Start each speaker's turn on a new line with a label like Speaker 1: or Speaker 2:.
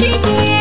Speaker 1: chiquinha.